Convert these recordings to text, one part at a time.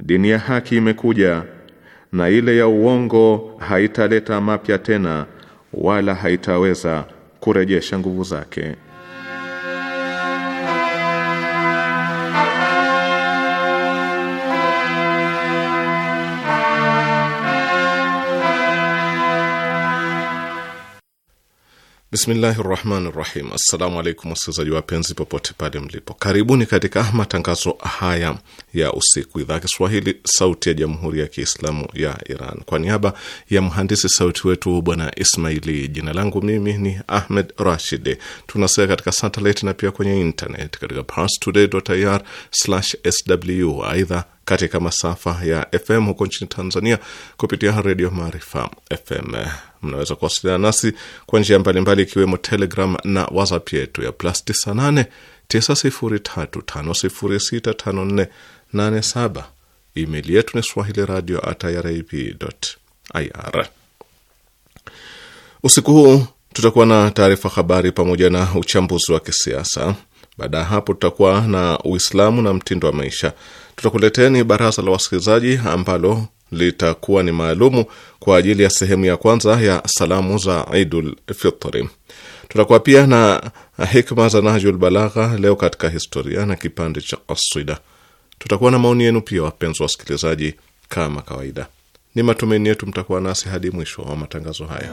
Dini ya haki imekuja na ile ya uongo haitaleta mapya tena wala haitaweza kurejesha nguvu zake. Bismillahi rahmani rahim. Assalamu alaikum wasikilizaji wapenzi, popote pale mlipo, karibuni katika matangazo haya ya usiku, idhaa Kiswahili sauti ya jamhuri ya Kiislamu ya Iran. Kwa niaba ya mhandisi sauti wetu bwana Ismaili, jina langu mimi ni Ahmed Rashid. Tunasea katika satelit na pia kwenye internet katika parstoday.ir/sw. Aidha katika masafa ya FM huko nchini Tanzania kupitia Redio Maarifa FM. Mnaweza kuwasiliana nasi kwa njia mbalimbali, ikiwemo Telegram na WhatsApp yetu ya plus 98 9035065487. Email yetu ni swahili radio at irib.ir. Usiku huu tutakuwa na taarifa habari pamoja na uchambuzi wa kisiasa. Baada ya hapo, tutakuwa na Uislamu na mtindo wa maisha. Tutakuleteni baraza la wasikilizaji ambalo litakuwa ni maalumu kwa ajili ya sehemu ya kwanza ya salamu za Idul Fitri. Tutakuwa pia na hikma za Nahjul Balagha, leo katika historia na kipande cha kaswida. Tutakuwa na maoni yenu pia, wapenzi wa wasikilizaji, kama kawaida. Ni matumaini yetu mtakuwa nasi hadi mwisho wa matangazo haya.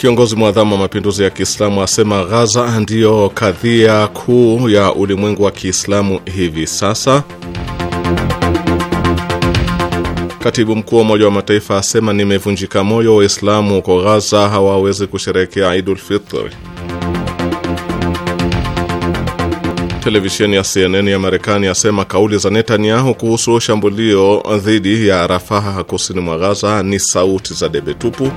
Kiongozi mwadhamu wa mapinduzi ya Kiislamu asema Ghaza ndiyo kadhia kuu ya ulimwengu wa Kiislamu hivi sasa. Katibu mkuu wa Umoja wa Mataifa asema nimevunjika moyo, Waislamu huko Ghaza hawawezi kusherehekea Idul Fitri. Televisheni ya CNN ya Marekani asema kauli za Netanyahu kuhusu shambulio dhidi ya Rafaha kusini mwa Ghaza ni sauti za debe tupu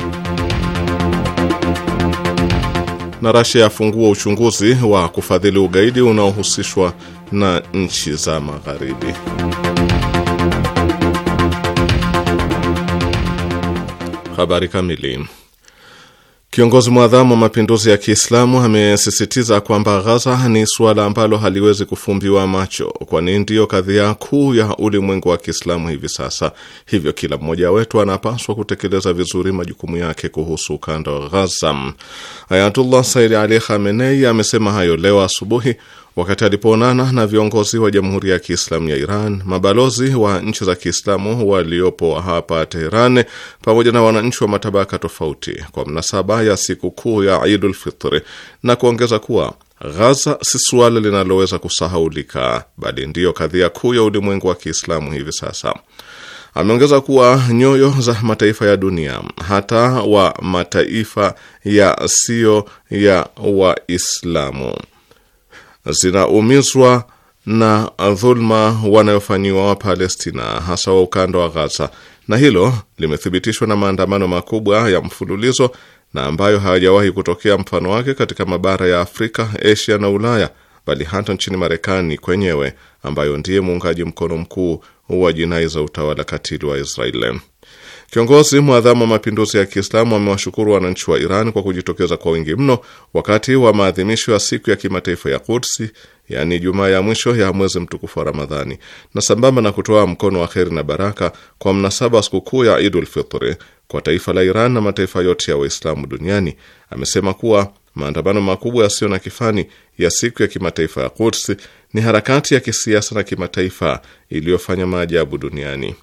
na Rasia yafungua uchunguzi wa kufadhili ugaidi unaohusishwa na nchi za Magharibi. Habari kamili. Kiongozi mwadhamu wa mapinduzi ya Kiislamu amesisitiza kwamba Ghaza ni suala ambalo haliwezi kufumbiwa macho, kwani ndiyo kadhia kuu ya ulimwengu wa Kiislamu hivi sasa. Hivyo kila mmoja wetu anapaswa kutekeleza vizuri majukumu yake kuhusu ukanda wa Ghaza. Ayatullah Said Ali Khamenei amesema hayo leo asubuhi Wakati alipoonana na viongozi wa Jamhuri ya Kiislamu ya Iran, mabalozi wa nchi za Kiislamu waliopo hapa Teheran, pamoja na wananchi wa matabaka tofauti kwa mnasaba ya sikukuu ya Idul Fitri, na kuongeza kuwa Ghaza si suala linaloweza kusahaulika, bali ndiyo kadhia kuu ya ulimwengu wa Kiislamu hivi sasa. Ameongeza kuwa nyoyo za mataifa ya dunia, hata wa mataifa yasiyo ya Waislamu zinaumizwa na dhulma wanayofanyiwa Wapalestina, hasa wa ukanda wa Ghaza, na hilo limethibitishwa na maandamano makubwa ya mfululizo na ambayo hayajawahi kutokea mfano wake katika mabara ya Afrika, Asia na Ulaya, bali hata nchini Marekani kwenyewe ambayo ndiye muungaji mkono mkuu wa jinai za utawala katili wa Israeli. Kiongozi mwadhamu wa mapinduzi ya Kiislamu amewashukuru wananchi wa Iran kwa kujitokeza kwa wingi mno wakati wa maadhimisho ya siku ya kimataifa ya Kudsi, yaani Jumaa ya mwisho ya mwezi mtukufu wa Ramadhani, na sambamba na kutoa mkono wa kheri na baraka kwa mnasaba wa sikukuu ya Idul Fitri kwa taifa la Iran na mataifa yote ya Waislamu duniani, amesema kuwa maandamano makubwa yasiyo na kifani ya siku ya kimataifa ya Kudsi ni harakati ya kisiasa na kimataifa iliyofanya maajabu duniani.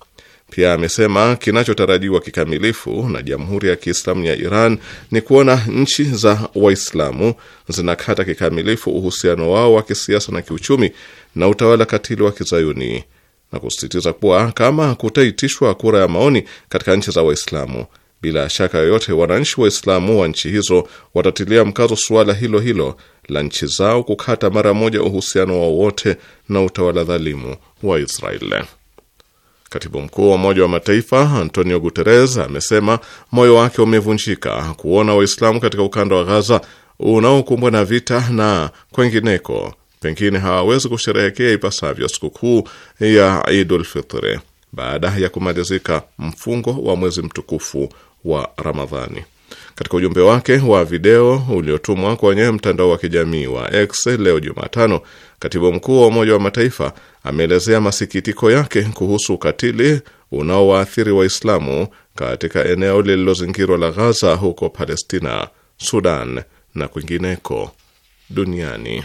Pia amesema kinachotarajiwa kikamilifu na Jamhuri ya Kiislamu ya Iran ni kuona nchi za Waislamu zinakata kikamilifu uhusiano wao wa kisiasa na kiuchumi na utawala katili wa Kizayuni, na kusisitiza kuwa kama kutaitishwa kura ya maoni katika nchi za Waislamu, bila shaka yoyote wananchi Waislamu wa nchi hizo watatilia mkazo suala hilo hilo la nchi zao kukata mara moja uhusiano wao wote na utawala dhalimu wa Israeli. Katibu mkuu wa Umoja wa Mataifa Antonio Guterres amesema moyo wake umevunjika kuona Waislamu katika ukanda wa Gaza unaokumbwa na vita na kwengineko pengine hawawezi kusherehekea ipasavyo sikukuu ya Idul Fitri baada ya kumalizika mfungo wa mwezi mtukufu wa Ramadhani. Katika ujumbe wake wa video uliotumwa kwenye mtandao wa kijamii wa X leo Jumatano, Katibu mkuu wa Umoja wa Mataifa ameelezea masikitiko yake kuhusu ukatili unaowaathiri Waislamu katika eneo lililozingirwa la Ghaza huko Palestina, Sudan na kwingineko duniani.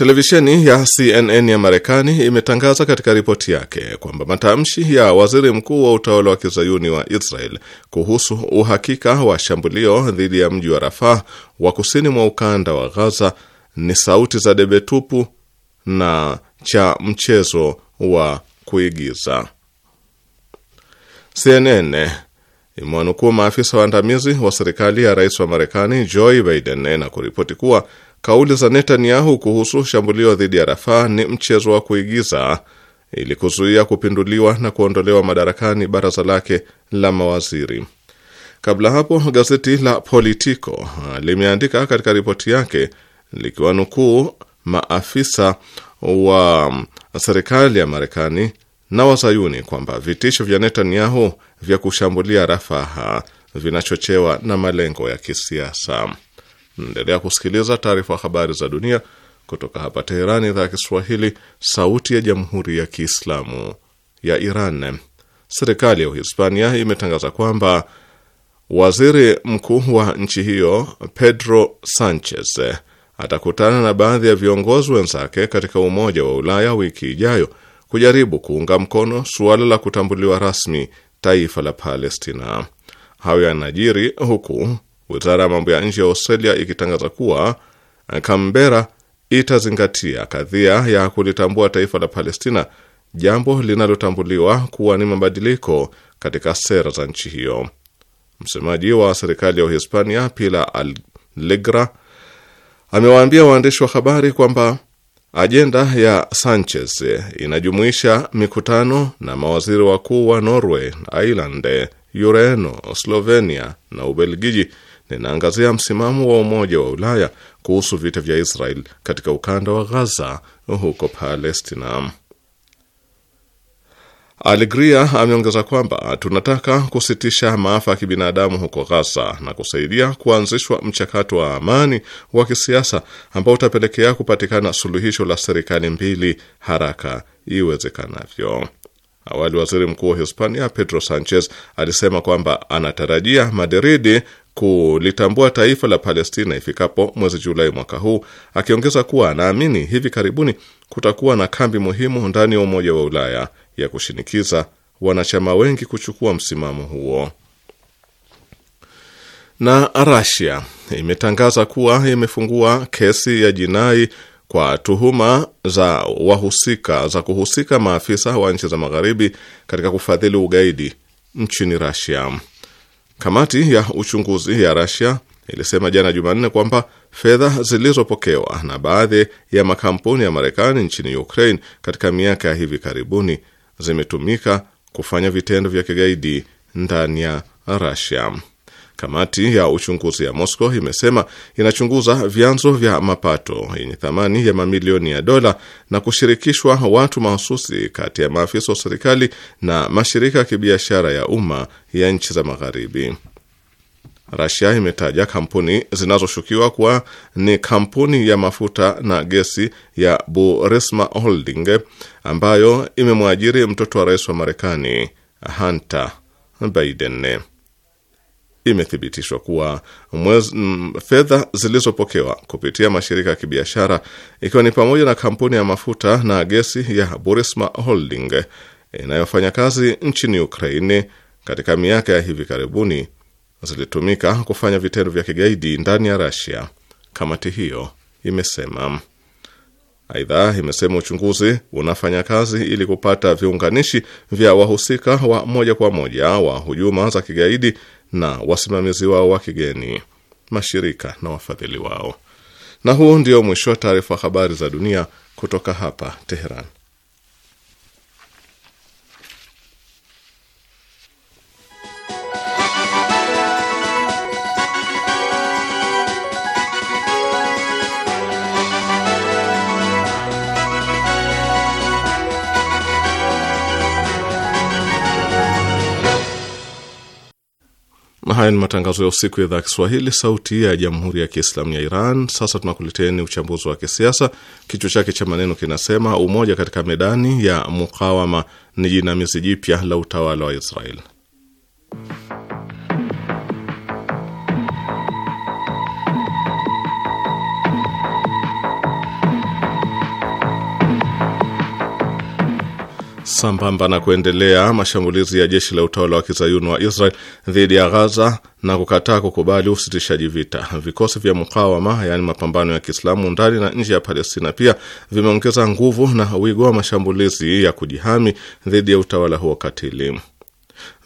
Televisheni ya CNN ya Marekani imetangaza katika ripoti yake kwamba matamshi ya waziri mkuu wa utawala wa kizayuni wa Israel kuhusu uhakika wa shambulio dhidi ya mji wa Rafah wa kusini mwa ukanda wa Gaza ni sauti za debe tupu na cha mchezo wa kuigiza. CNN imewanukuu maafisa waandamizi wa serikali ya rais wa Marekani Joe Biden na kuripoti kuwa Kauli za Netanyahu kuhusu shambulio dhidi ya Rafah ni mchezo wa kuigiza ili kuzuia kupinduliwa na kuondolewa madarakani baraza lake la mawaziri. Kabla hapo, gazeti la Politico ah, limeandika katika ripoti yake likiwanukuu maafisa wa mm, serikali ya Marekani na wazayuni kwamba vitisho vya Netanyahu vya kushambulia Rafaha vinachochewa na malengo ya kisiasa. Mnaendelea kusikiliza taarifa habari za dunia kutoka hapa Teherani, idhaa ya Kiswahili, sauti ya jamhuri ya kiislamu ya Iran. Serikali ya Uhispania imetangaza kwamba waziri mkuu wa nchi hiyo Pedro Sanchez atakutana na baadhi ya viongozi wenzake katika Umoja wa Ulaya wiki ijayo kujaribu kuunga mkono suala la kutambuliwa rasmi taifa la Palestina. Hayo yanajiri huku wizara ya mambo ya nje ya Australia ikitangaza kuwa eh, Canberra itazingatia kadhia ya kulitambua taifa la Palestina, jambo linalotambuliwa kuwa ni mabadiliko katika sera za nchi hiyo. Msemaji wa serikali ya Uhispania Pilar alegra amewaambia waandishi wa habari kwamba ajenda ya Sanchez inajumuisha mikutano na mawaziri wakuu wa Norway, Ireland, Ureno, Slovenia na Ubelgiji linaangazia msimamo wa Umoja wa Ulaya kuhusu vita vya Israel katika ukanda wa Ghaza huko Palestina. Alegria ameongeza kwamba tunataka kusitisha maafa ya kibinadamu huko Ghaza na kusaidia kuanzishwa mchakato wa amani wa kisiasa ambao utapelekea kupatikana suluhisho la serikali mbili haraka iwezekanavyo. Awali waziri mkuu wa Hispania Pedro Sanchez alisema kwamba anatarajia Madridi kulitambua taifa la Palestina ifikapo mwezi Julai mwaka huu, akiongeza kuwa anaamini hivi karibuni kutakuwa na kambi muhimu ndani ya Umoja wa Ulaya ya kushinikiza wanachama wengi kuchukua msimamo huo. Na Russia imetangaza kuwa imefungua kesi ya jinai kwa tuhuma za wahusika za kuhusika maafisa wa nchi za magharibi katika kufadhili ugaidi nchini Russia. Kamati ya uchunguzi ya Russia ilisema jana Jumanne kwamba fedha zilizopokewa na baadhi ya makampuni ya Marekani nchini Ukraine katika miaka ya hivi karibuni zimetumika kufanya vitendo vya kigaidi ndani ya Russia. Kamati ya uchunguzi ya Moscow imesema inachunguza vyanzo vya mapato yenye thamani ya mamilioni ya dola na kushirikishwa watu mahususi kati ya maafisa wa serikali na mashirika ya kibiashara ya umma ya nchi za Magharibi. Rasia imetaja kampuni zinazoshukiwa kuwa ni kampuni ya mafuta na gesi ya Burisma Holding ambayo imemwajiri mtoto wa rais wa Marekani Hunter Biden imethibitishwa kuwa fedha zilizopokewa kupitia mashirika ya kibiashara ikiwa ni pamoja na kampuni ya mafuta na gesi ya Burisma Holding inayofanya kazi nchini Ukraini katika miaka ya hivi karibuni zilitumika kufanya vitendo vya kigaidi ndani ya Rasia, kamati hiyo imesema. Aidha, imesema uchunguzi unafanya kazi ili kupata viunganishi vya wahusika wa moja kwa moja wa hujuma za kigaidi na wasimamizi wao wa kigeni, mashirika na wafadhili wao. Na huu ndio mwisho wa taarifa habari za dunia kutoka hapa Teheran. haya ni matangazo ya usiku ya idhaa Kiswahili sauti ya jamhuri ya Kiislamu ya Iran. Sasa tunakuleteni uchambuzi wa kisiasa, kichwa chake cha maneno kinasema umoja katika medani ya mukawama ni jinamizi jipya la utawala wa Israeli. sambamba na kuendelea mashambulizi ya jeshi la utawala wa kizayuni wa Israel dhidi ya Ghaza na kukataa kukubali usitishaji vita, vikosi vya mukawama, yaani mapambano ya Kiislamu ndani na nje ya Palestina, pia vimeongeza nguvu na wigo wa mashambulizi ya kujihami dhidi ya utawala huo katili.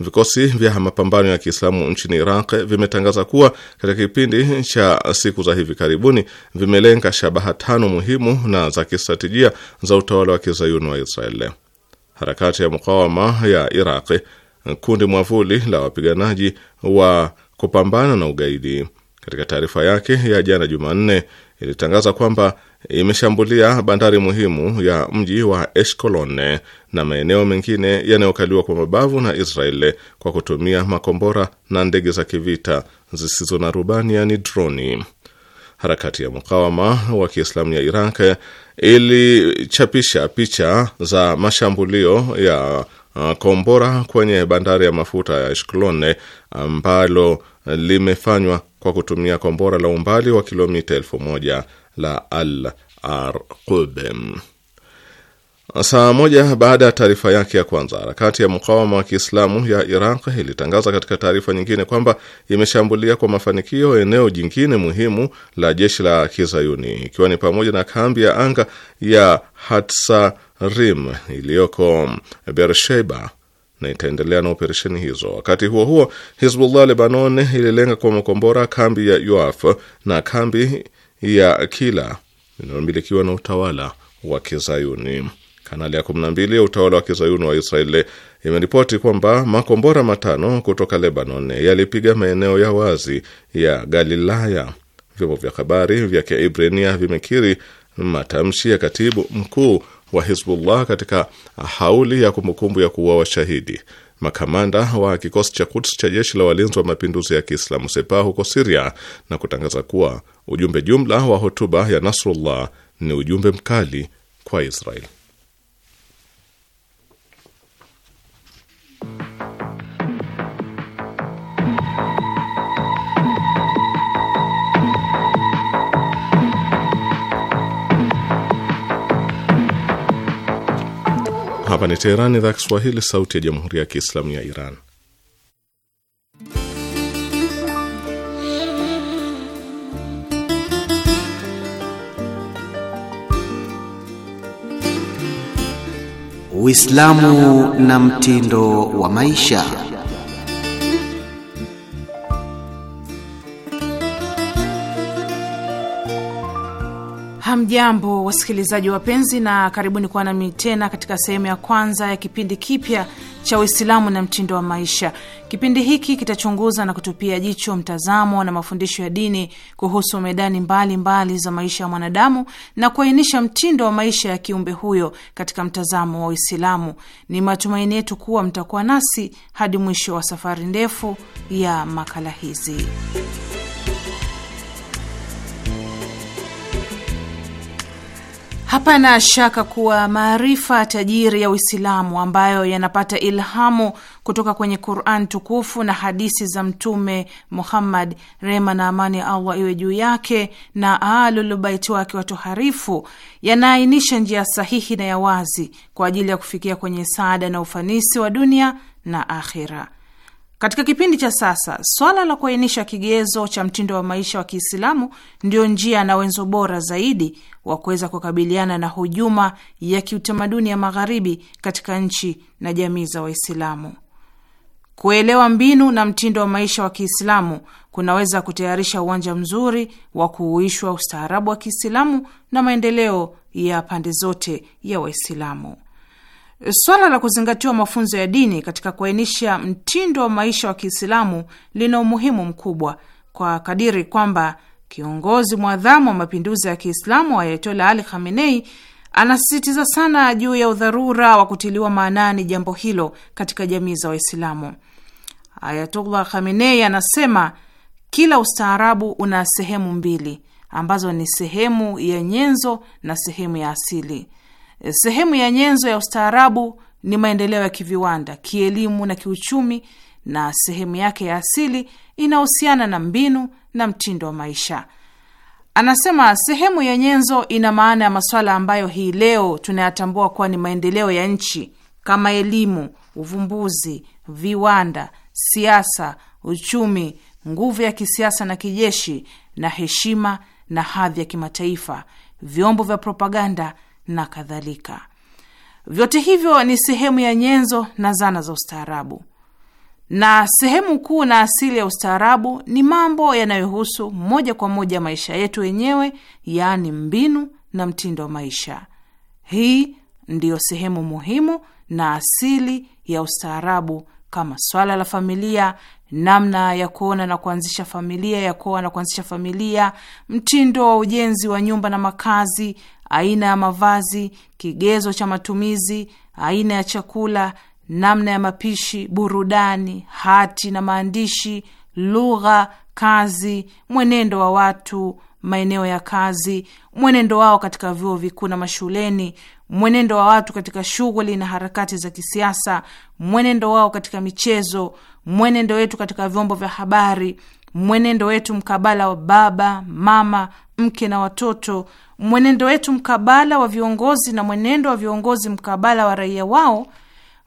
Vikosi vya mapambano ya Kiislamu nchini Iraq vimetangaza kuwa katika kipindi cha siku za hivi karibuni vimelenga shabaha tano muhimu na za kistratejia za utawala wa kizayuni wa Israeli harakati ya mukawama ya Iraqi, kundi mwavuli la wapiganaji wa kupambana na ugaidi, katika taarifa yake ya jana Jumanne ilitangaza kwamba imeshambulia bandari muhimu ya mji wa Eshkolone na maeneo mengine yanayokaliwa kwa mabavu na Israeli kwa kutumia makombora na ndege za kivita zisizo na rubani, yani droni. Harakati ya mukawama wa Kiislamu ya Iraq ilichapisha picha za mashambulio ya uh, kombora kwenye bandari ya mafuta ya Ashkelon eh, ambalo limefanywa kwa kutumia kombora la umbali wa kilomita elfu moja la Al arqube Saa moja baada ya taarifa yake ya kwanza, harakati ya mukawama wa Kiislamu ya Iraq ilitangaza katika taarifa nyingine kwamba imeshambulia kwa mafanikio eneo jingine muhimu la jeshi la Kizayuni, ikiwa ni pamoja na kambi ya anga ya Hatsarim iliyoko Bersheba na itaendelea na operesheni hizo. Wakati huo huo, Hizbullah Lebanon ililenga kwa makombora kambi ya Yoaf na kambi ya Kila inayomilikiwa na utawala wa Kizayuni. Kanali ya 12 ya utawala wa kizayuni wa Israeli imeripoti kwamba makombora matano kutoka Lebanon yalipiga maeneo ya wazi ya Galilaya. Vyombo vya habari vya Kiibrania vimekiri matamshi ya katibu mkuu wa Hizbullah katika hauli ya kumbukumbu ya kuua washahidi makamanda wa kikosi cha Quds cha jeshi la walinzi wa mapinduzi ya Kiislamu Sepah huko Siria na kutangaza kuwa ujumbe jumla wa hotuba ya Nasrullah ni ujumbe mkali kwa Israeli. Hapa ni Teherani, idhaa Kiswahili, sauti ya jamhuri ya kiislamu ya Iran. Uislamu na mtindo wa maisha. Hamjambo wasikilizaji wapenzi, na karibuni kuwa nami tena katika sehemu ya kwanza ya kipindi kipya cha Uislamu na mtindo wa maisha. Kipindi hiki kitachunguza na kutupia jicho mtazamo na mafundisho ya dini kuhusu medani mbalimbali mbali za maisha ya mwanadamu na kuainisha mtindo wa maisha ya kiumbe huyo katika mtazamo wa Uislamu. Ni matumaini yetu kuwa mtakuwa nasi hadi mwisho wa safari ndefu ya makala hizi. Hapana shaka kuwa maarifa tajiri ya Uislamu ambayo yanapata ilhamu kutoka kwenye Quran tukufu na hadisi za Mtume Muhammad, rehma na amani ya Allah iwe juu yake na alulubaiti wake watoharifu, yanaainisha njia sahihi na ya wazi kwa ajili ya kufikia kwenye saada na ufanisi wa dunia na akhira. Katika kipindi cha sasa, swala la kuainisha kigezo cha mtindo wa maisha wa Kiislamu ndio njia na wenzo bora zaidi wa kuweza kukabiliana na hujuma ya kiutamaduni ya Magharibi katika nchi na jamii za Waislamu. Kuelewa mbinu na mtindo wa maisha wa Kiislamu kunaweza kutayarisha uwanja mzuri wa kuuishwa ustaarabu wa Kiislamu na maendeleo ya pande zote ya Waislamu. Swala la kuzingatiwa mafunzo ya dini katika kuainisha mtindo wa maisha wa Kiislamu lina umuhimu mkubwa kwa kadiri kwamba kiongozi mwadhamu wa mapinduzi ya Kiislamu Ayatola Ali Khamenei anasisitiza sana juu ya udharura wa kutiliwa maanani jambo hilo katika jamii za Waislamu. ayatullah Khamenei anasema kila ustaarabu una sehemu mbili ambazo ni sehemu ya nyenzo na sehemu ya asili. Eh, sehemu ya nyenzo ya ustaarabu ni maendeleo ya kiviwanda, kielimu na kiuchumi, na sehemu yake ya asili inahusiana na mbinu na mtindo wa maisha. Anasema sehemu ya nyenzo ina maana ya masuala ambayo hii leo tunayatambua kuwa ni maendeleo ya nchi kama elimu, uvumbuzi, viwanda, siasa, uchumi, nguvu ya kisiasa na kijeshi, na heshima na hadhi ya kimataifa, vyombo vya propaganda na kadhalika. Vyote hivyo ni sehemu ya nyenzo na zana za ustaarabu, na sehemu kuu na asili ya ustaarabu ni mambo yanayohusu moja kwa moja maisha yetu wenyewe, yaani mbinu na mtindo wa maisha. Hii ndiyo sehemu muhimu na asili ya ustaarabu, kama swala la familia, namna ya kuona na kuanzisha familia, ya kuoa na kuanzisha familia, mtindo wa ujenzi wa nyumba na makazi, aina ya mavazi, kigezo cha matumizi, aina ya chakula, namna ya mapishi, burudani, hati na maandishi, lugha, kazi, mwenendo wa watu, maeneo ya kazi, mwenendo wao katika vyuo vikuu na mashuleni, mwenendo wa watu katika shughuli na harakati za kisiasa, mwenendo wao katika michezo, mwenendo wetu katika vyombo vya habari mwenendo wetu mkabala wa baba, mama, mke na watoto, mwenendo wetu mkabala wa viongozi na mwenendo wa viongozi mkabala wa raia wao,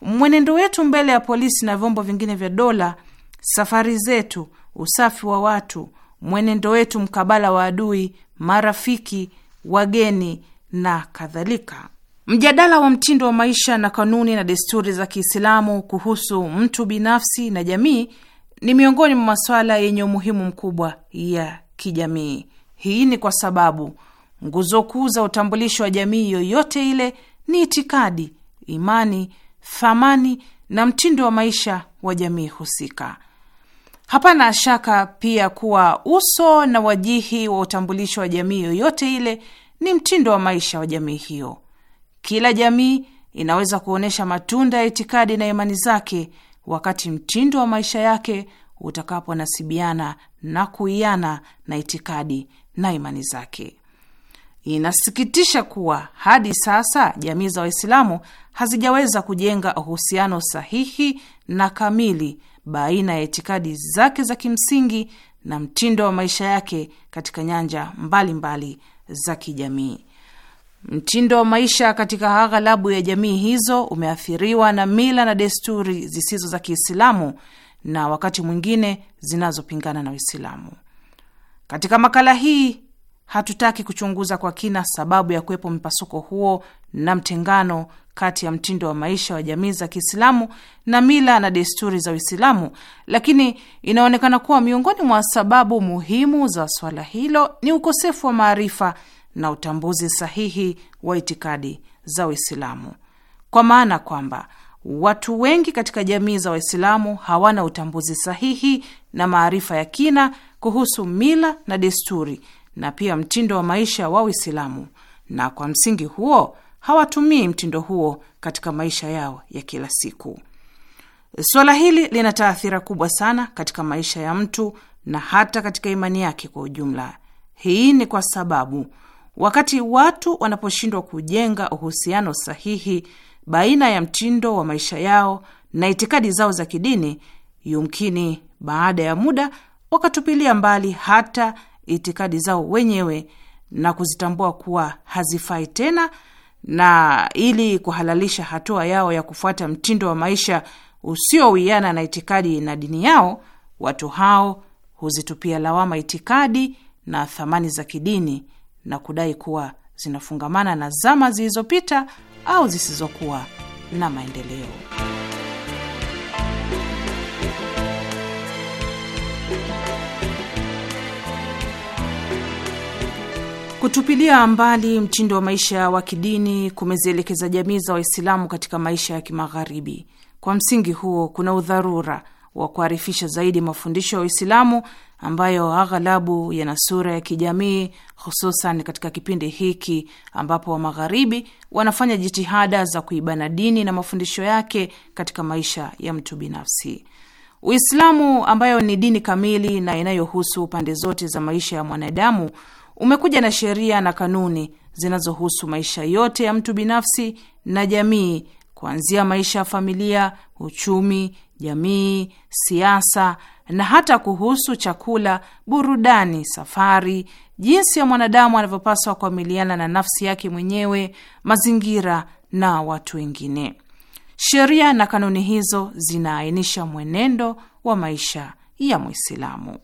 mwenendo wetu mbele ya polisi na vyombo vingine vya dola, safari zetu, usafi wa watu, mwenendo wetu mkabala wa adui, marafiki, wageni na kadhalika. Mjadala wa mtindo wa maisha na kanuni na desturi za Kiislamu kuhusu mtu binafsi na jamii ni miongoni mwa masuala yenye umuhimu mkubwa ya kijamii. Hii ni kwa sababu nguzo kuu za utambulisho wa jamii yoyote ile ni itikadi, imani, thamani na mtindo wa maisha wa jamii husika. Hapana shaka pia kuwa uso na wajihi wa utambulisho wa jamii yoyote ile ni mtindo wa maisha wa jamii hiyo. Kila jamii inaweza kuonyesha matunda ya itikadi na imani zake wakati mtindo wa maisha yake utakaponasibiana na kuiana na itikadi na imani zake. Inasikitisha kuwa hadi sasa jamii za Waislamu hazijaweza kujenga uhusiano sahihi na kamili baina ya itikadi zake za kimsingi na mtindo wa maisha yake katika nyanja mbalimbali mbali za kijamii. Mtindo wa maisha katika aghalabu ya jamii hizo umeathiriwa na mila na desturi zisizo za Kiislamu na wakati mwingine zinazopingana na Uislamu. Katika makala hii hatutaki kuchunguza kwa kina sababu ya kuwepo mpasuko huo na mtengano kati ya mtindo wa maisha wa jamii za Kiislamu na mila na desturi za Uislamu, lakini inaonekana kuwa miongoni mwa sababu muhimu za swala hilo ni ukosefu wa maarifa na utambuzi sahihi wa itikadi za Uislamu, kwa maana kwamba watu wengi katika jamii za Waislamu hawana utambuzi sahihi na maarifa ya kina kuhusu mila na desturi na pia mtindo wa maisha wa Uislamu, na kwa msingi huo hawatumii mtindo huo katika maisha yao ya kila siku. Suala hili lina taathira kubwa sana katika maisha ya mtu na hata katika imani yake kwa ujumla. Hii ni kwa sababu Wakati watu wanaposhindwa kujenga uhusiano sahihi baina ya mtindo wa maisha yao na itikadi zao za kidini, yumkini baada ya muda wakatupilia mbali hata itikadi zao wenyewe na kuzitambua kuwa hazifai tena, na ili kuhalalisha hatua yao ya kufuata mtindo wa maisha usiowiana na itikadi na dini yao, watu hao huzitupia lawama itikadi na thamani za kidini na kudai kuwa zinafungamana na zama zilizopita au zisizokuwa na maendeleo. Kutupilia mbali mtindo wa maisha wa kidini kumezielekeza jamii za Waislamu katika maisha ya kimagharibi. Kwa msingi huo, kuna udharura wa kuharifisha zaidi mafundisho ya Uislamu ambayo aghalabu yana sura ya kijamii, hususan katika kipindi hiki ambapo wa magharibi wanafanya jitihada za kuibana dini na mafundisho yake katika maisha ya mtu binafsi. Uislamu ambayo ni dini kamili na inayohusu pande zote za maisha ya mwanadamu umekuja na sheria na kanuni zinazohusu maisha yote ya mtu binafsi na jamii, kuanzia maisha ya familia, uchumi, jamii, siasa na hata kuhusu chakula, burudani, safari, jinsi ya mwanadamu anavyopaswa kuamiliana na nafsi yake mwenyewe, mazingira na watu wengine. Sheria na kanuni hizo zinaainisha mwenendo wa maisha ya Mwislamu.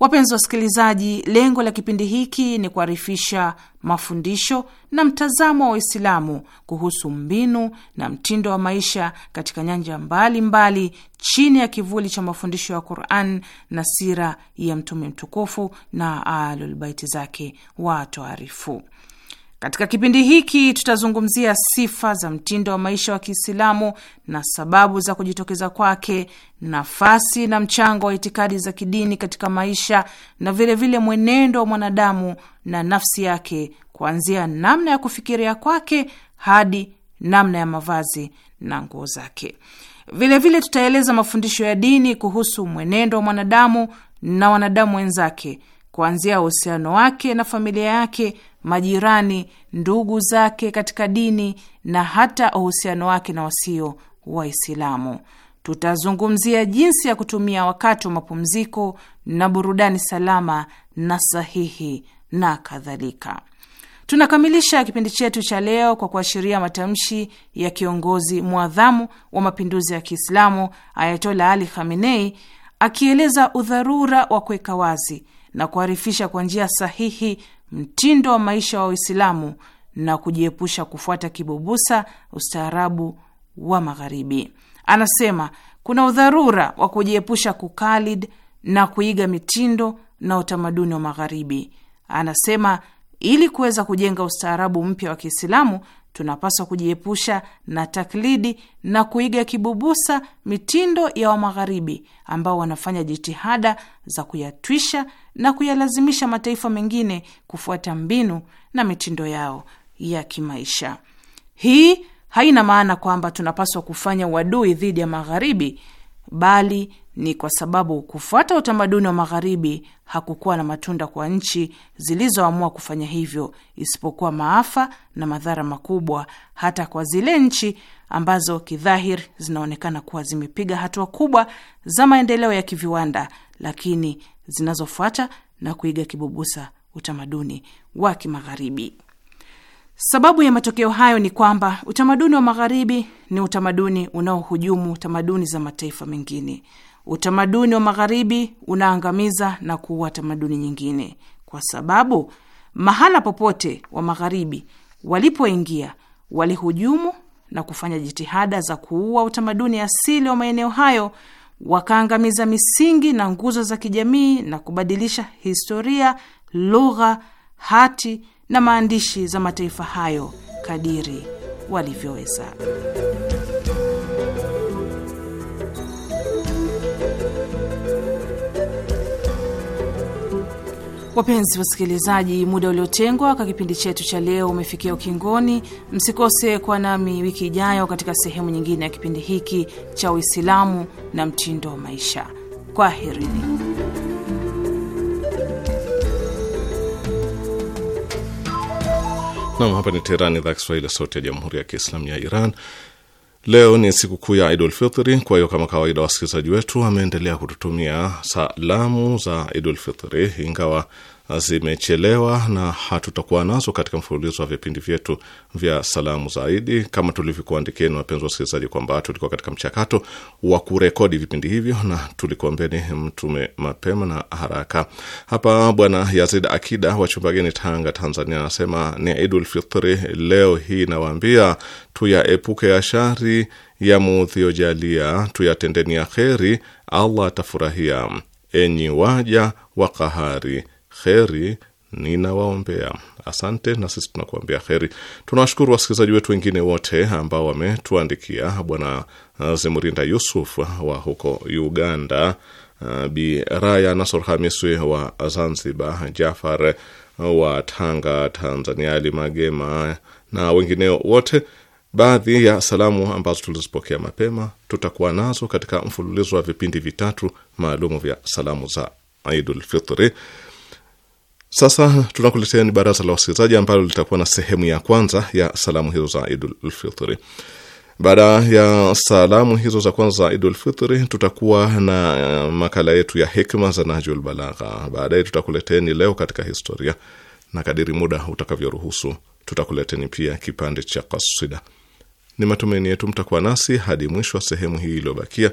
Wapenzi wasikilizaji, lengo la kipindi hiki ni kuharifisha mafundisho na mtazamo wa Waislamu kuhusu mbinu na mtindo wa maisha katika nyanja mbalimbali mbali, chini ya kivuli cha mafundisho ya Quran na sira ya Mtume mtukufu na Alulbaiti zake watoarifu. Katika kipindi hiki tutazungumzia sifa za mtindo wa maisha wa Kiislamu na sababu za kujitokeza kwake, nafasi na mchango wa itikadi za kidini katika maisha na vilevile vile mwenendo wa mwanadamu na nafsi yake, kuanzia namna ya kufikiria kwake hadi namna ya mavazi na nguo zake. Vilevile tutaeleza mafundisho ya dini kuhusu mwenendo wa mwanadamu na wanadamu wenzake, kuanzia uhusiano wake na familia yake majirani, ndugu zake katika dini na hata uhusiano wake na wasio Waislamu. Tutazungumzia jinsi ya kutumia wakati wa mapumziko na burudani salama na sahihi na kadhalika. Tunakamilisha kipindi chetu cha leo kwa kuashiria matamshi ya kiongozi mwadhamu wa mapinduzi ya Kiislamu Ayatola Ali Khamenei akieleza udharura wa kuweka wazi na kuharifisha kwa njia sahihi mtindo wa maisha wa Uislamu na kujiepusha kufuata kibubusa ustaarabu wa Magharibi. Anasema kuna udharura wa kujiepusha kukalid na kuiga mitindo na utamaduni wa Magharibi. Anasema ili kuweza kujenga ustaarabu mpya wa Kiislamu tunapaswa kujiepusha na taklidi na kuiga kibubusa mitindo ya Wamagharibi ambao wanafanya jitihada za kuyatwisha na kuyalazimisha mataifa mengine kufuata mbinu na mitindo yao ya kimaisha. Hii haina maana kwamba tunapaswa kufanya uadui dhidi ya Magharibi, bali ni kwa sababu kufuata utamaduni wa magharibi hakukuwa na matunda kwa nchi zilizoamua kufanya hivyo, isipokuwa maafa na madhara makubwa, hata kwa zile nchi ambazo kidhahiri zinaonekana kuwa zimepiga hatua kubwa za maendeleo ya kiviwanda, lakini zinazofuata na kuiga kibubusa utamaduni wa kimagharibi. Sababu ya matokeo hayo ni kwamba utamaduni wa Magharibi ni utamaduni unaohujumu tamaduni za mataifa mengine. Utamaduni wa Magharibi unaangamiza na kuua tamaduni nyingine, kwa sababu mahala popote wa Magharibi walipoingia walihujumu na kufanya jitihada za kuua utamaduni asili wa maeneo hayo, wakaangamiza misingi na nguzo za kijamii na kubadilisha historia, lugha, hati na maandishi za mataifa hayo kadiri walivyoweza. Wapenzi wasikilizaji, muda uliotengwa kwa kipindi chetu cha leo umefikia ukingoni. Msikose kuwa nami wiki ijayo katika sehemu nyingine ya kipindi hiki cha Uislamu na mtindo wa maisha. Kwaherini. Nam, hapa ni Teherani, idhaa Kiswahili, sauti ya jamhuri ya kiislamu ya Iran. Leo ni siku kuu ya Idul Fitri. Kwa hiyo kama kawaida, wasikilizaji wetu wameendelea kututumia salamu za Idul Fitri, ingawa zimechelewa na hatutakuwa nazo katika mfululizo wa vipindi vyetu vya salamu zaidi, kama tulivyokuandikieni wapenzi wasikilizaji, kwamba tulikuwa katika mchakato wa kurekodi vipindi hivyo na tulikuambeni mtume mapema na haraka. Hapa Bwana Yazid Akida wa Chumbageni, Tanga, Tanzania, anasema ni Idul Fitri leo hii, nawaambia tuyaepuke ya shari ya muudhiojalia, tuyatendeni ya kheri, Allah atafurahia. Enyi waja wa kahari kheri ninawaombea. Asante, na sisi tunakuambia kheri. Tunawashukuru wasikilizaji wetu wengine wote ambao wametuandikia, Bwana uh, Zemurinda Yusuf uh, wa huko Uganda, uh, Bi Raya Nasor Hamiswi wa Zanzibar, Jafar wa Tanga, Tanzania, Ali Magema na wengineo wote. Baadhi ya salamu ambazo tulizipokea mapema tutakuwa nazo katika mfululizo wa vipindi vitatu maalumu vya salamu za Idul Fitri sasa tunakuletea ni baraza la wasikilizaji ambalo litakuwa na sehemu ya kwanza ya salamu hizo za Idul Fitri. Baada ya salamu hizo za kwanza za Idul Fitri, tutakuwa na eh, makala yetu ya hikma za Najul Balagha. Baadaye tutakuleteni leo katika historia, na kadiri muda utakavyoruhusu tutakuleteni pia kipande cha kasida. Ni matumaini yetu mtakuwa nasi hadi mwisho wa sehemu hii iliyobakia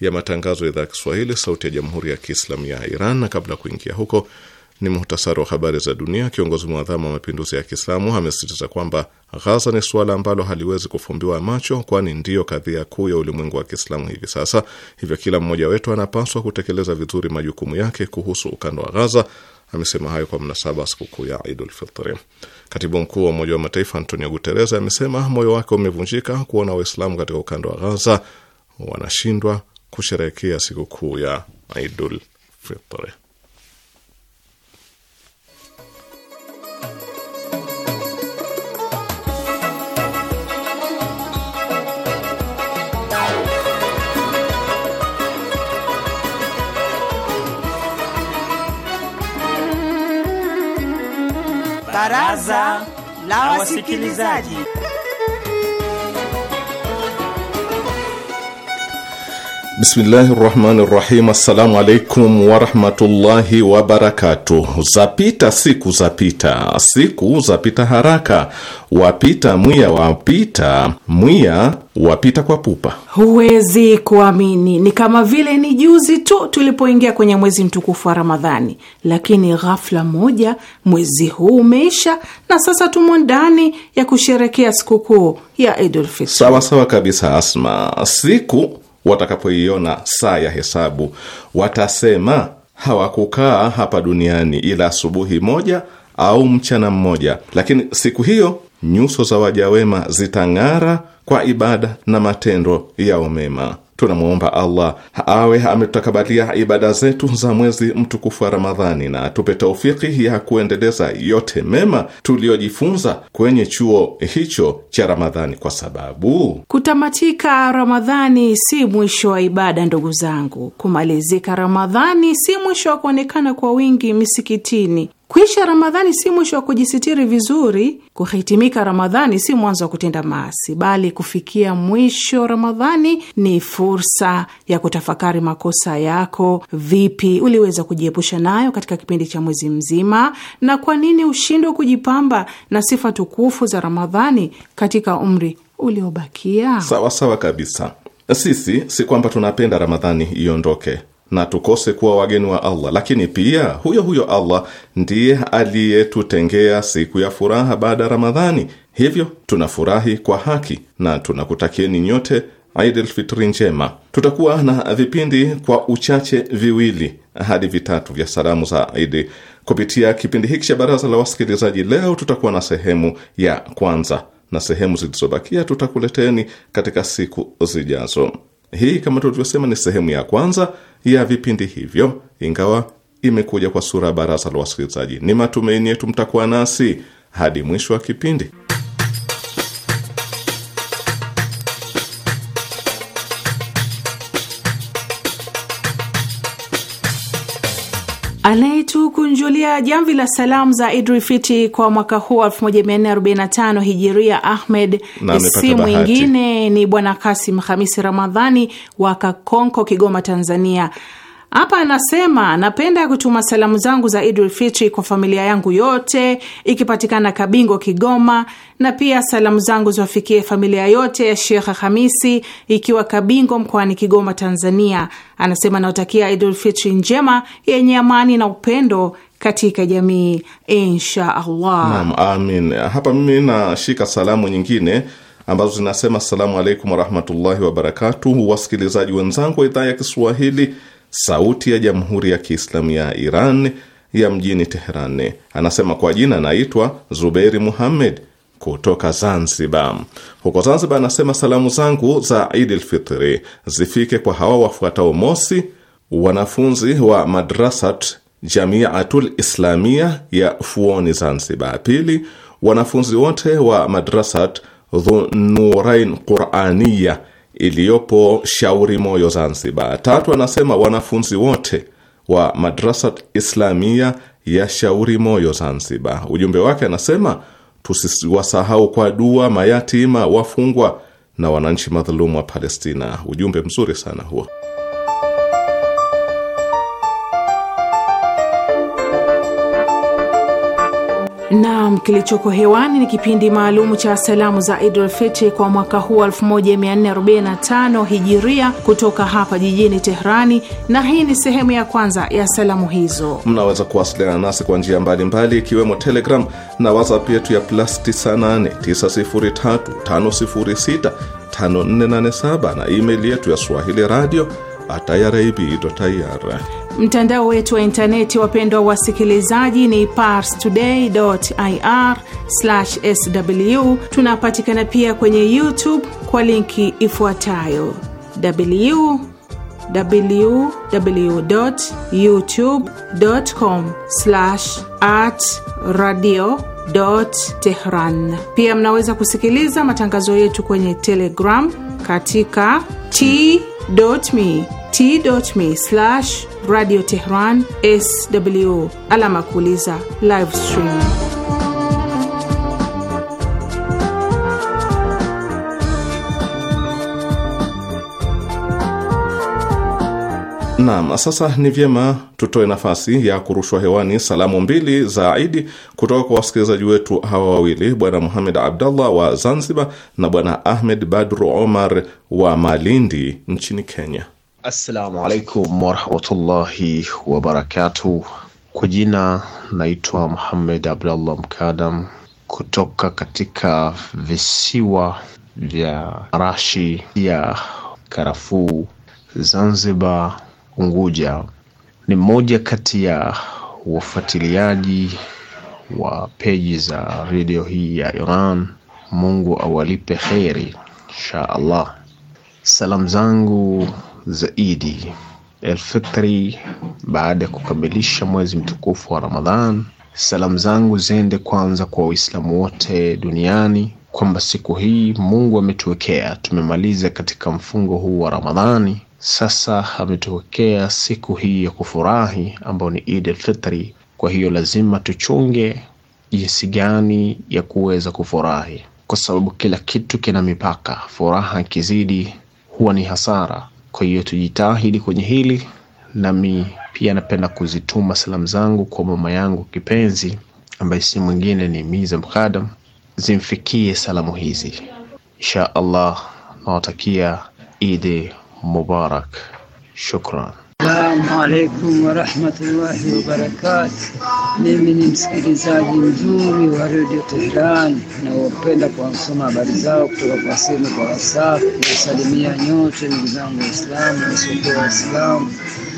ya matangazo ya idhaa ya Kiswahili, sauti ya jamhuri ya kiislamu ya Iran. Na kabla ya kuingia huko ni muhtasari wa habari za dunia. Kiongozi mwadhamu wa mapinduzi ya Kiislamu amesisitiza kwamba Ghaza ni suala ambalo haliwezi kufumbiwa macho, kwani ndiyo kadhia kuu ya ulimwengu wa Kiislamu hivi sasa. Hivyo kila mmoja wetu anapaswa kutekeleza vizuri majukumu yake kuhusu ukanda wa Ghaza. Amesema hayo kwa mnasaba sikukuu ya Idul Fitri. Katibu mkuu wa Umoja wa Mataifa Antonio Guterres amesema moyo wake umevunjika kuona Waislamu katika ukanda wa Ghaza wanashindwa kusherehekea sikukuu ya Idul Fitri. Baraza la Wasikilizaji. Bismillahi rahmani rahim. Assalamu alaikum warahmatullahi wabarakatuh. Zapita siku zapita, siku zapita haraka, wapita mwiya wapita mwiya wapita kwa pupa. Huwezi kuamini, ni kama vile ni juzi tu tulipoingia kwenye mwezi mtukufu wa Ramadhani, lakini ghafla moja mwezi huu umeisha na sasa tumo ndani ya kusherekea sikukuu ya Idul Fitri. Sawa sawa kabisa, Asma, siku watakapoiona saa ya hesabu watasema, hawakukaa hapa duniani ila asubuhi moja au mchana mmoja, lakini siku hiyo nyuso za wajawema zitang'ara kwa ibada na matendo yao mema. Tunamwomba Allah awe ametutakabalia ibada zetu za mwezi mtukufu wa Ramadhani na atupe taufiki ya kuendeleza yote mema tuliyojifunza kwenye chuo hicho cha Ramadhani, kwa sababu kutamatika Ramadhani si mwisho wa ibada. Ndugu zangu, kumalizika Ramadhani si mwisho wa kuonekana kwa wingi misikitini Kuisha Ramadhani si mwisho wa kujisitiri vizuri. Kuhitimika Ramadhani si mwanzo wa kutenda maasi, bali kufikia mwisho Ramadhani ni fursa ya kutafakari makosa yako. Vipi uliweza kujiepusha nayo katika kipindi cha mwezi mzima, na kwa nini ushindwe kujipamba na sifa tukufu za Ramadhani katika umri uliobakia? Sawasawa kabisa. Sisi si kwamba tunapenda Ramadhani iondoke na tukose kuwa wageni wa Allah. Lakini pia huyo huyo Allah ndiye aliyetutengea siku ya furaha baada ya Ramadhani, hivyo tunafurahi kwa haki na tunakutakieni nyote al-Fitr njema. Tutakuwa na vipindi kwa uchache viwili hadi vitatu vya salamu za Idi kupitia kipindi hiki cha baraza la wasikilizaji. Leo tutakuwa na sehemu ya kwanza na sehemu zilizobakia tutakuleteni katika siku zijazo. Hii kama tulivyosema ni sehemu ya kwanza ya vipindi hivyo, ingawa imekuja kwa sura ya baraza la wasikilizaji. Ni matumaini yetu mtakuwa nasi hadi mwisho wa kipindi. kumjulia jamvi la salamu za Idrifiti kwa mwaka huu 1445 hijiria Ahmed. Si mwingine ni Bwana Kasim Hamisi Ramadhani wa Kakonko, Kigoma, Tanzania hapa anasema napenda kutuma salamu zangu za Idul Fitri kwa familia yangu yote ikipatikana Kabingo, Kigoma, na pia salamu zangu ziwafikie familia yote ya Shekh Hamisi ikiwa Kabingo mkoani Kigoma, Tanzania. Anasema naotakia Idul Fitri njema yenye amani na upendo katika jamii, insha Allah. Naam, amin. Hapa mimi nashika salamu nyingine ambazo zinasema assalamu alaikum warahmatullahi wabarakatuhu, wasikilizaji wenzangu wa idhaa ya Kiswahili Sauti ya Jamhuri ya Kiislamu ya Iran ya mjini Teheran. Anasema kwa jina anaitwa Zuberi Muhammed kutoka Zanzibar. Huko Zanzibar anasema salamu zangu za idi lfitri zifike kwa hawa wafuatao: mosi, wanafunzi wa Madrasat Jamiatul Islamia ya Fuoni Zanzibar; pili, wanafunzi wote wa Madrasat Dhunurain quraniya iliyopo Shauri Moyo, Zanzibar. Tatu, anasema wanafunzi wote wa Madrasa Islamia ya Shauri Moyo, Zanzibar. Ujumbe wake anasema tusiwasahau kwa dua mayatima, wafungwa na wananchi madhulumu wa Palestina. Ujumbe mzuri sana huo. Naam, kilichoko hewani ni kipindi maalumu cha salamu za Idul Fitri kwa mwaka huu 1445 Hijiria kutoka hapa jijini Teherani, na hii ni sehemu ya kwanza ya salamu hizo. Mnaweza kuwasiliana nasi kwa njia mbalimbali, ikiwemo Telegram na WhatsApp yetu ya plus 989035065487 na email yetu ya swahili radio atayaraib.ir. Mtandao wetu wa intaneti, wapendwa wasikilizaji, ni parstoday.ir/sw. Tunapatikana pia kwenye YouTube kwa linki ifuatayo www.youtube.com/radio Tehran. Pia mnaweza kusikiliza matangazo yetu kwenye Telegram katika t.me t.me slash radio Tehran sw alama kuuliza live stream. Naam, sasa ni vyema tutoe nafasi ya kurushwa hewani salamu mbili za Idi kutoka kwa wasikilizaji wetu hawa wawili, Bwana Muhamed Abdallah wa Zanzibar na Bwana Ahmed Badru Omar wa Malindi nchini Kenya. Assalamu alaikum warahmatullahi wabarakatuh. Kwa jina naitwa Muhammad Abdallah Mkadam kutoka katika visiwa vya Rashi ya Karafuu, Zanzibar, Unguja. Ni mmoja kati ya wafuatiliaji wa peji za redio hii ya Iran. Mungu awalipe kheri, insha Allah. Salamu zangu zaidi. Elfitri, baada ya kukamilisha mwezi mtukufu wa Ramadhan. Salamu zangu ziende kwanza kwa Waislamu wote duniani kwamba siku hii Mungu ametuwekea, tumemaliza katika mfungo huu wa Ramadhani. Sasa ametuwekea siku hii ya kufurahi ambayo ni Eid al Kwa hiyo lazima tuchunge jinsi gani ya kuweza kufurahi, kwa sababu kila kitu kina mipaka. Furaha ikizidi huwa ni hasara. Kwa hiyo tujitahidi kwenye hili, nami pia napenda kuzituma salamu zangu kwa mama yangu kipenzi ambaye si mwingine ni Miza Mkadam, zimfikie salamu hizi insha Allah. Nawatakia Idi Mubarak, shukran. Salamu alaikum warahmatullahi wabarakatu. Mimi ni msikilizaji mzuri wa redio Tehran, nawapenda kwa kusoma habari zao kutoka kwa simu kwa WhatsApp. Nasalimia nyote ndugu zangu Waislamu wasiokuwa Waislamu.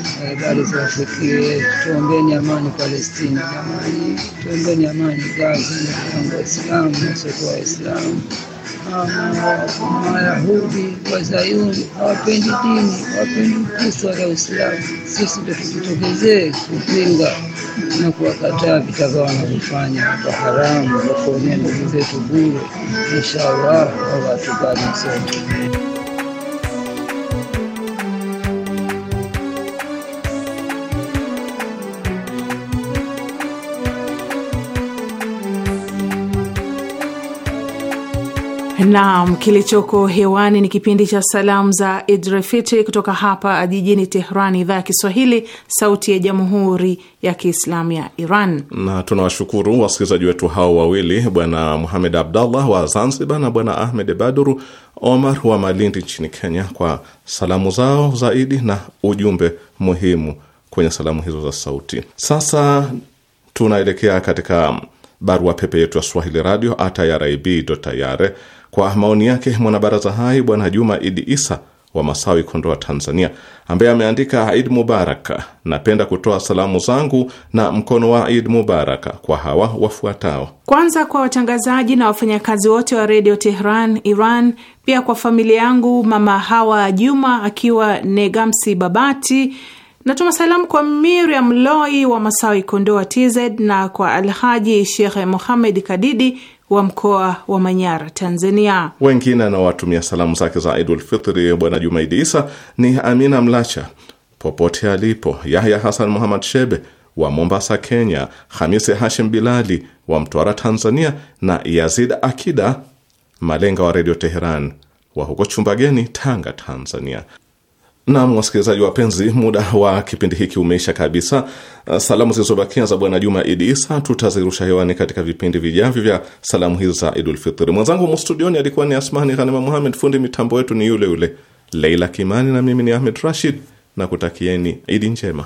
Habari za sikie, tuombeni amani Palestina, amani. tuombeni amani Gaza na Waislamu wasiokuwa Waislamu Mayahudi Wazayuni hawapendi dini, hawapendi Ukristo wala Uislamu. Sisi ndio tujitokezee kupinga na kuwakataa vitaka wanavyofanya kwa haramu, wakuonea ndugu zetu bure. Inshallah, Allah atukane sote. Naam, kilichoko hewani ni kipindi cha salamu za Idrefiti kutoka hapa jijini tehran idhaa ya Kiswahili, sauti ya jamhuri ya kiislamu ya Iran. Na tunawashukuru wasikilizaji wetu hao wawili, Bwana Muhamed Abdallah wa Zanzibar na Bwana Ahmed Baduru Omar wa Malindi nchini Kenya kwa salamu zao zaidi na ujumbe muhimu kwenye salamu hizo za sauti. Sasa tunaelekea katika barua pepe yetu ya swahili radio at irib.ir kwa maoni yake mwanabaraza hai Bwana Juma Idi Isa wa Masawi, Kondoa, Tanzania, ambaye ameandika id Mubarak, napenda kutoa salamu zangu na mkono wa Id Mubarak kwa hawa wafuatao: kwanza kwa watangazaji na wafanyakazi wote wa redio Tehran Iran, pia kwa familia yangu, mama Hawa Juma akiwa Negamsi Babati. Natuma salamu kwa Miriam Loi wa Masawi, Kondoa, TZ na kwa Alhaji Shekhe Mohamed Kadidi wa mkoa wa Manyara, Tanzania. Wengine anawatumia salamu zake za Idul Fitri Bwana Jumaidi Isa ni Amina Mlacha popote alipo, Yahya Hasan Muhammad Shebe wa Mombasa, Kenya, Hamisi Hashim Bilali wa Mtwara, Tanzania, na Yazid Akida Malenga wa Redio Teheran wa huko Chumbageni, Tanga, Tanzania. Nam wasikilizaji wapenzi, muda wa kipindi hiki umeisha kabisa. Uh, salamu zilizobakia za Bwana Juma Idi Isa tutazirusha hewani katika vipindi vijavyo vya salamu hizi za Idulfitri. Mwenzangu mustudioni alikuwa ni Asmani Ghanima Muhamed, fundi mitambo yetu ni yule yule Leila Kimani, na mimi ni Ahmed Rashid na kutakieni Idi njema.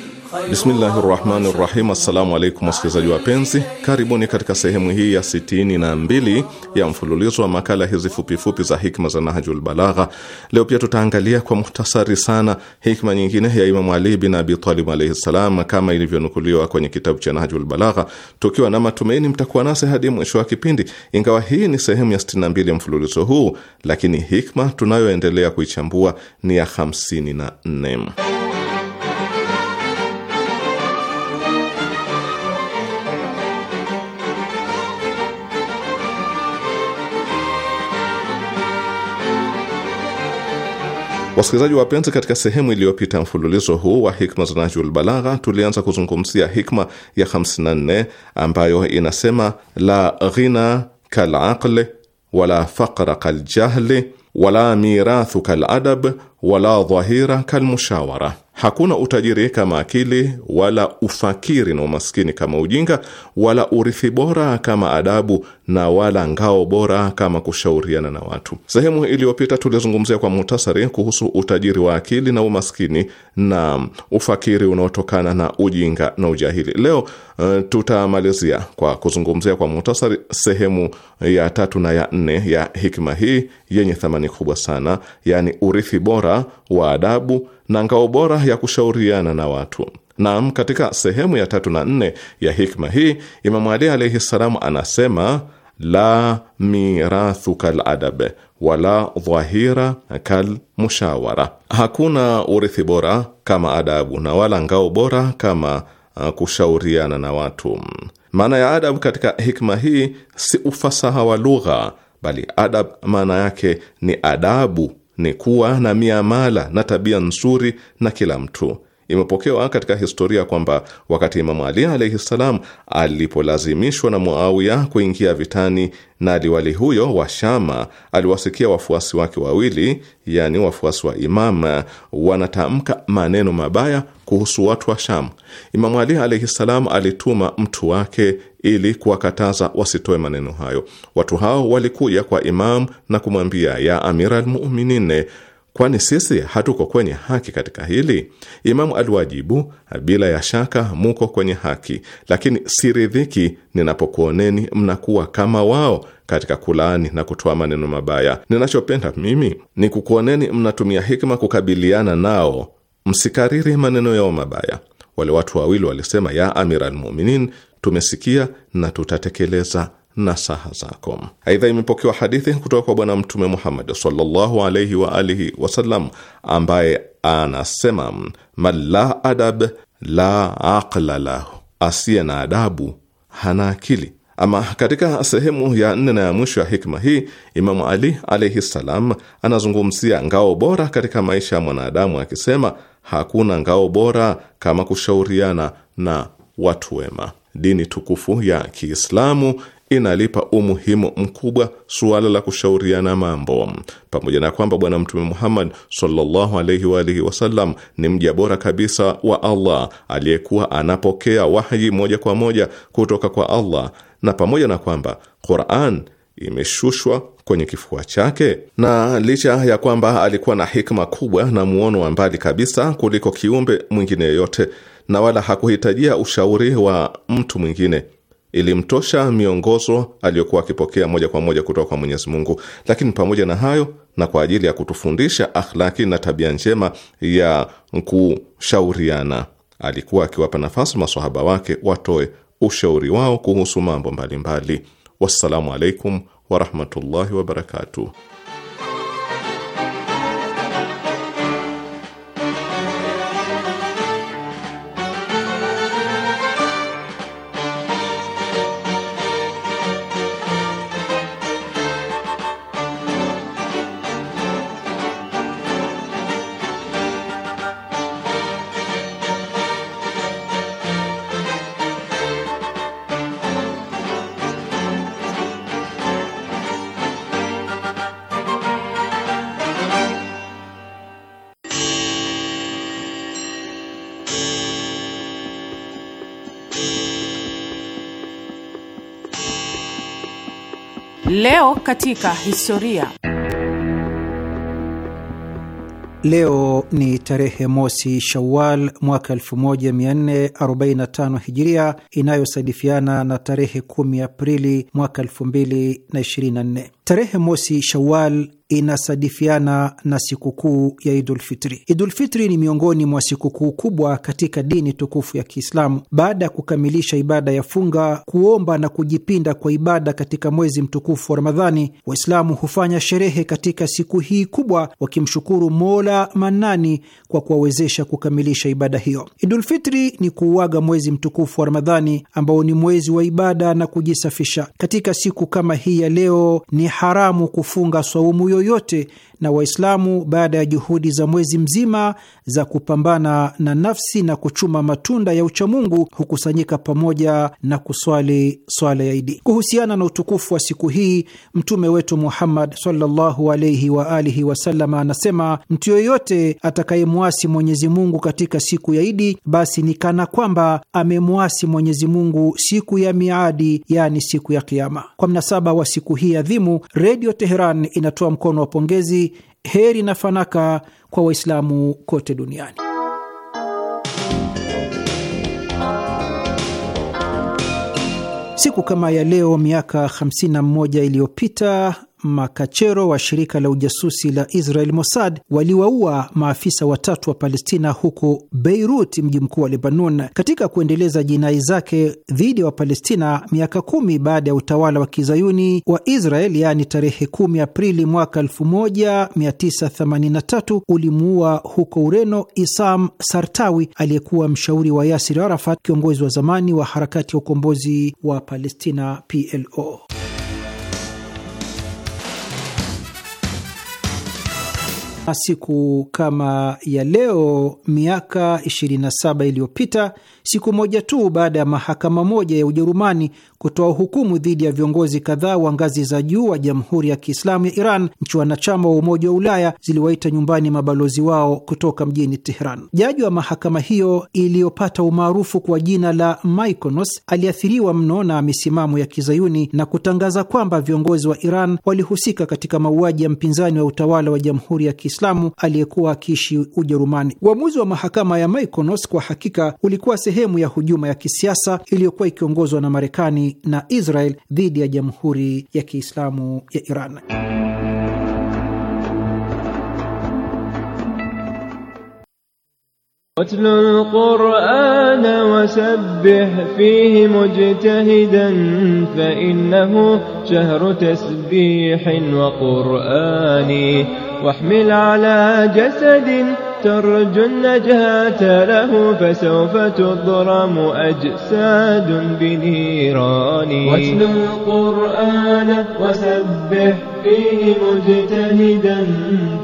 Bismillahi rahmani rahim. Assalamu alaikum wasikilizaji wapenzi, karibuni katika sehemu hii ya sitini na mbili ya mfululizo wa makala hizi fupifupi za hikma za Nahjul Balagha. Leo pia tutaangalia kwa muhtasari sana hikma nyingine ya Imamu Ali bin Abi Talib alaihi ssalam, kama ilivyonukuliwa kwenye kitabu cha Nahjul Balagha, tukiwa na matumaini mtakuwa nasi hadi mwisho wa kipindi. Ingawa hii ni sehemu ya sitini na mbili ya mfululizo huu, lakini hikma tunayoendelea kuichambua ni ya hamsini na nne. Wasikilizaji wapenzi, katika sehemu iliyopita mfululizo huu wa hikma za Najul Balagha tulianza kuzungumzia hikma ya 54 ambayo inasema: la ghina kalaqli wala faqra kaljahli wala mirathu kaladab wala dhahira kalmushawara, hakuna utajiri kama akili, wala ufakiri na umaskini kama ujinga, wala urithi bora kama adabu, na wala ngao bora kama kushauriana na watu. Sehemu iliyopita tulizungumzia kwa muhtasari kuhusu utajiri wa akili na umaskini na ufakiri unaotokana na ujinga na ujahili. Leo uh, tutamalizia kwa kuzungumzia kwa muhtasari sehemu ya tatu na ya nne ya hikma hii yenye thamani kubwa sana, yani urithi bora bora wa adabu na ngao bora ya kushauriana na watu. Naam, katika sehemu ya tatu na nne ya hikma hii Imamu Ali alaihi salamu anasema la mirathu kal adab wala dhahira kal mushawara, hakuna urithi bora kama adabu na wala ngao bora kama uh, kushauriana na watu. Maana ya adabu katika hikma hii si ufasaha wa lugha, bali adab maana yake ni adabu ni kuwa na miamala na tabia nzuri na kila mtu Imepokewa katika historia kwamba wakati Imamu Ali alaihi ssalam alipolazimishwa na Muawiya kuingia vitani na liwali huyo wa Shama, aliwasikia wafuasi wake wawili, yani wafuasi wa Imam, wanatamka maneno mabaya kuhusu watu wa Sham. Imamu Ali alaihi ssalam alituma mtu wake ili kuwakataza wasitoe maneno hayo. Watu hao walikuja kwa Imam na kumwambia, ya Amira almuminine Kwani sisi hatuko kwenye haki katika hili? Imamu aliwajibu, bila ya shaka muko kwenye haki, lakini siridhiki ninapokuoneni mnakuwa kama wao katika kulaani na kutoa maneno mabaya. Ninachopenda mimi ni kukuoneni mnatumia hikma kukabiliana nao, msikariri maneno yao mabaya. Wale watu wawili walisema, ya Amir almuminin, tumesikia na tutatekeleza na saha zako. Aidha, imepokewa hadithi kutoka kwa Bwana Mtume Muhammad sallallahu alaihi wa alihi wasallam ambaye anasema man la adab la aqla lahu, asiye na adabu hana akili. Ama katika sehemu ya nne na ya mwisho ya hikma hii, Imamu Ali alaihi ssalam anazungumzia ngao bora katika maisha ya mwanadamu akisema, hakuna ngao bora kama kushauriana na watu wema. Dini tukufu ya Kiislamu inalipa umuhimu mkubwa suala la kushauriana mambo, pamoja na kwamba Bwana Mtume Muhammad sallallahu alaihi wa alihi wasallam ni mja bora kabisa wa Allah aliyekuwa anapokea wahyi moja kwa moja kutoka kwa Allah, na pamoja na kwamba Qur'an imeshushwa kwenye kifua chake, na licha ya kwamba alikuwa na hikma kubwa na muono wa mbali kabisa kuliko kiumbe mwingine yoyote, na wala hakuhitajia ushauri wa mtu mwingine ilimtosha miongozo aliyokuwa akipokea moja kwa moja kutoka kwa Mwenyezi Mungu. Lakini pamoja na hayo, na kwa ajili ya kutufundisha akhlaki na tabia njema ya kushauriana, alikuwa akiwapa nafasi masahaba wake watoe ushauri wao kuhusu mambo mbalimbali. Wassalamu alaikum warahmatullahi wabarakatuh. katika historia. Leo ni tarehe mosi Shawal mwaka 1445 Hijiria, inayosadifiana na tarehe 10 Aprili mwaka 2024. Tarehe mosi Shawal inasadifiana na sikukuu ya Idulfitri. Idulfitri ni miongoni mwa sikukuu kubwa katika dini tukufu ya Kiislamu. Baada ya kukamilisha ibada ya funga, kuomba na kujipinda kwa ibada katika mwezi mtukufu wa Ramadhani, Waislamu hufanya sherehe katika siku hii kubwa, wakimshukuru Mola Manani kwa kuwawezesha kukamilisha ibada hiyo. Idulfitri ni kuuaga mwezi mtukufu wa Ramadhani ambao ni mwezi wa ibada na kujisafisha. Katika siku kama hii ya leo ni haramu kufunga swaumu yoyote, na Waislamu baada ya juhudi za mwezi mzima za kupambana na nafsi na kuchuma matunda ya uchamungu hukusanyika pamoja na kuswali swala ya Idi. Kuhusiana na utukufu wa siku hii, Mtume wetu Muhammad sallallahu alaihi wa alihi wasallam anasema, mtu yoyote atakayemwasi Mwenyezi Mungu katika siku ya Idi, basi ni kana kwamba amemwasi Mwenyezi Mungu siku ya miadi, yani siku ya Kiama. Kwa mnasaba wa siku hii adhimu Redio Teheran inatoa mkono wa pongezi, heri na fanaka kwa Waislamu kote duniani. Siku kama ya leo miaka 51 iliyopita makachero wa shirika la ujasusi la Israel Mossad waliwaua maafisa watatu wa Palestina huko Beirut, mji mkuu wa Lebanon, katika kuendeleza jinai zake dhidi ya wa Wapalestina miaka kumi baada ya utawala wa kizayuni wa Israel, yaani tarehe 10 Aprili mwaka 1983 ulimuua huko Ureno Isam Sartawi aliyekuwa mshauri wa Yasir Arafat, kiongozi wa zamani wa harakati ya ukombozi wa Palestina PLO. Siku kama ya leo miaka 27 iliyopita, siku moja tu baada ya mahakama moja ya Ujerumani kutoa hukumu dhidi ya viongozi kadhaa wa ngazi za juu wa Jamhuri ya Kiislamu ya Iran, nchi wanachama wa Umoja wa Ulaya ziliwaita nyumbani mabalozi wao kutoka mjini Tehran. Jaji wa mahakama hiyo iliyopata umaarufu kwa jina la Mykonos aliathiriwa mno na misimamo ya Kizayuni na kutangaza kwamba viongozi wa Iran walihusika katika mauaji ya mpinzani wa utawala wa Jamhuri ya Kiislamu Kiislamu aliyekuwa akiishi Ujerumani. Uamuzi wa mahakama ya Mykonos kwa hakika ulikuwa sehemu ya hujuma ya kisiasa iliyokuwa ikiongozwa na Marekani na Israel dhidi ya Jamhuri ya Kiislamu ya Iran. واتل القرآن وسبح فيه مجتهدا فإنه شهر تسبيح وقرآن واحمل على جسد ترجو النجاة له فسوف تضرم أجساد بنيران واتلو القرآن وسبح فيه مجتهدا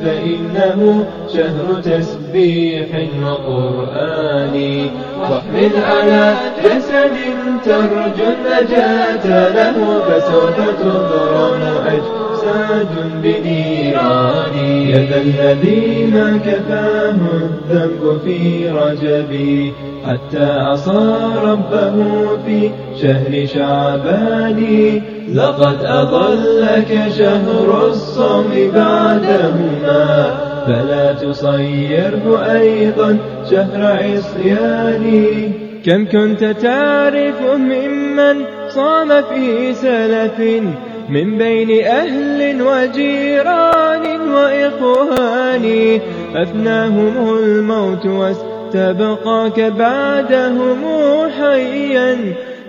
فإنه شهر تسبيح وقرآن واحمل على جسد ترجو النجاة له فسوف تضرم أجساد معتاد بنيران يد الذين كفاه الذنب في رجبي حتى عصى ربه في شهر شعبان لقد أضلك شهر الصوم بعدهما فلا تصيره أيضا شهر عصياني كم كنت تعرف ممن صام في سلف من بين أهل وجيران وإخوان أفناهم الموت واستبقاك بعدهم حيا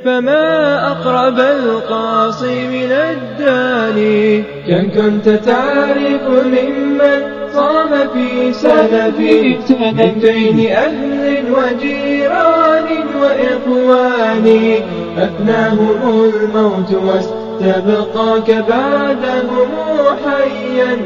فما أقرب القاصي من الداني كم كنت تعرف ممن صام في سلفي من بين أهل وجيران وإخوان أفناهم الموت واستبقاك تبقى كبعد محيا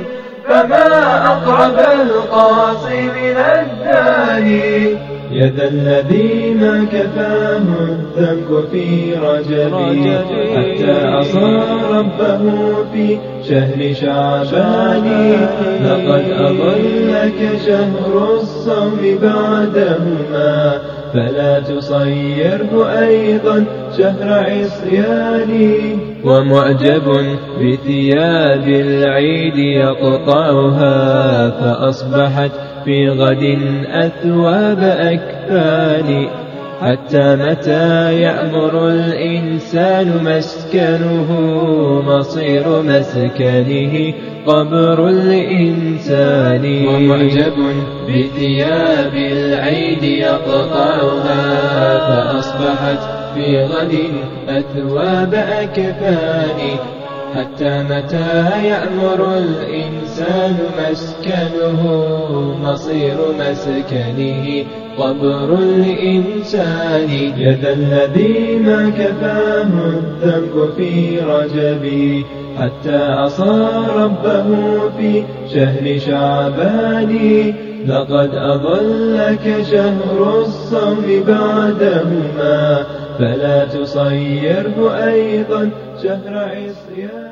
فما أقرب القاصي من الداني يد الذين كفاه الذنب في رجبي حتى عصى ربه في شهر شعبان لقد أضلك شهر الصوم بعدهما فلا تصيره أيضا شهر عصياني ومعجب بثياب العيد يقطعها فأصبحت في غد أثواب أكفاني حتى متى يأمر الإنسان مسكنه مصير مسكنه قبر الإنسان ومعجب بثياب العيد يقطعها فأصبحت في غد أثواب أكفان حتى متى يأمر الإنسان مسكنه مصير مسكنه قبر الإنسان يد الذي ما كفاه الذنب في رجبي حتى عصى ربه في شهر شعبان لقد أضلك شهر الصوم بعدهما فلا تصيره أيضا شهر عصيان